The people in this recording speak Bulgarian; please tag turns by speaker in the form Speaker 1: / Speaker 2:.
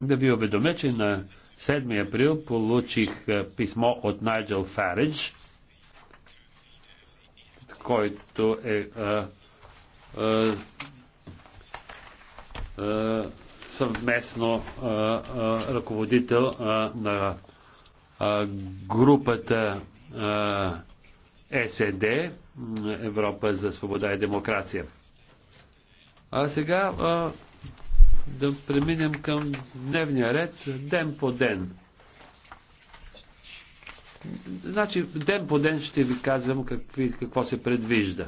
Speaker 1: да ви уведомя, че на 7 април получих е, писмо от Найджел Фаридж, който е а, а, а, съвместно а, е, а, е, ръководител а, на а, групата а, Европа за свобода и демокрация. А сега а, да преминем към дневния ред ден по ден. Значи, ден по ден ще ви казвам какви, какво се предвижда.